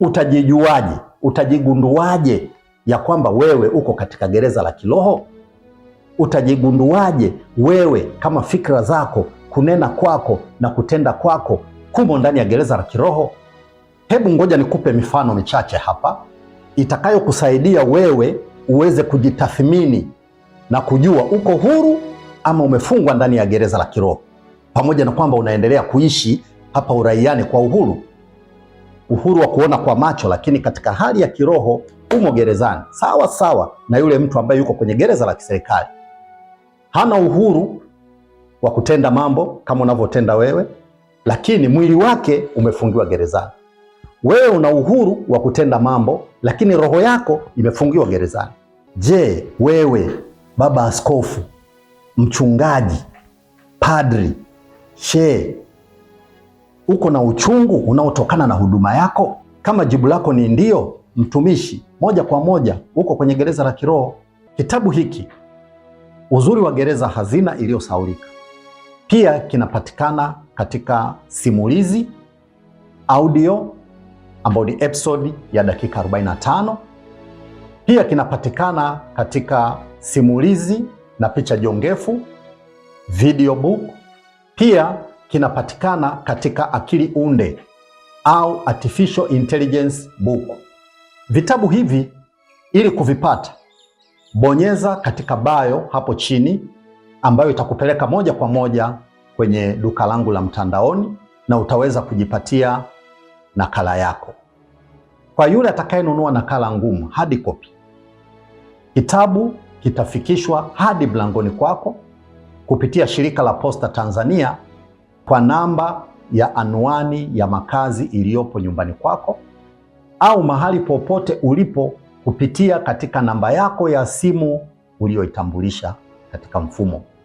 utajijuaje? Utajigunduaje ya kwamba wewe uko katika gereza la kiroho? Utajigunduaje wewe kama fikra zako, kunena kwako na kutenda kwako kumo ndani ya gereza la kiroho? Hebu ngoja nikupe mifano michache hapa itakayokusaidia wewe uweze kujitathmini na kujua uko huru ama umefungwa ndani ya gereza la kiroho, pamoja na kwamba unaendelea kuishi hapa uraiani kwa uhuru uhuru wa kuona kwa macho, lakini katika hali ya kiroho umo gerezani, sawa sawa na yule mtu ambaye yuko kwenye gereza la kiserikali. Hana uhuru wa kutenda mambo kama unavyotenda wewe, lakini mwili wake umefungiwa gerezani. Wewe una uhuru wa kutenda mambo, lakini roho yako imefungiwa gerezani. Je, wewe baba askofu, mchungaji, padri, shehe uko na uchungu unaotokana na huduma yako? Kama jibu lako ni ndio mtumishi, moja kwa moja uko kwenye gereza la kiroho. Kitabu hiki Uzuri wa Gereza, Hazina Iliyosahaulika pia kinapatikana katika simulizi audio ambayo ni episode ya dakika 45. Pia kinapatikana katika simulizi na picha jongefu video book pia kinapatikana katika Akili Unde au Artificial Intelligence Book. Vitabu hivi ili kuvipata, bonyeza katika bio hapo chini, ambayo itakupeleka moja kwa moja kwenye duka langu la mtandaoni na utaweza kujipatia nakala yako. Kwa yule atakayenunua nakala ngumu hard copy, kitabu kitafikishwa hadi mlangoni kwako kupitia shirika la Posta Tanzania kwa namba ya anwani ya makazi iliyopo nyumbani kwako au mahali popote ulipo kupitia katika namba yako ya simu uliyoitambulisha katika mfumo.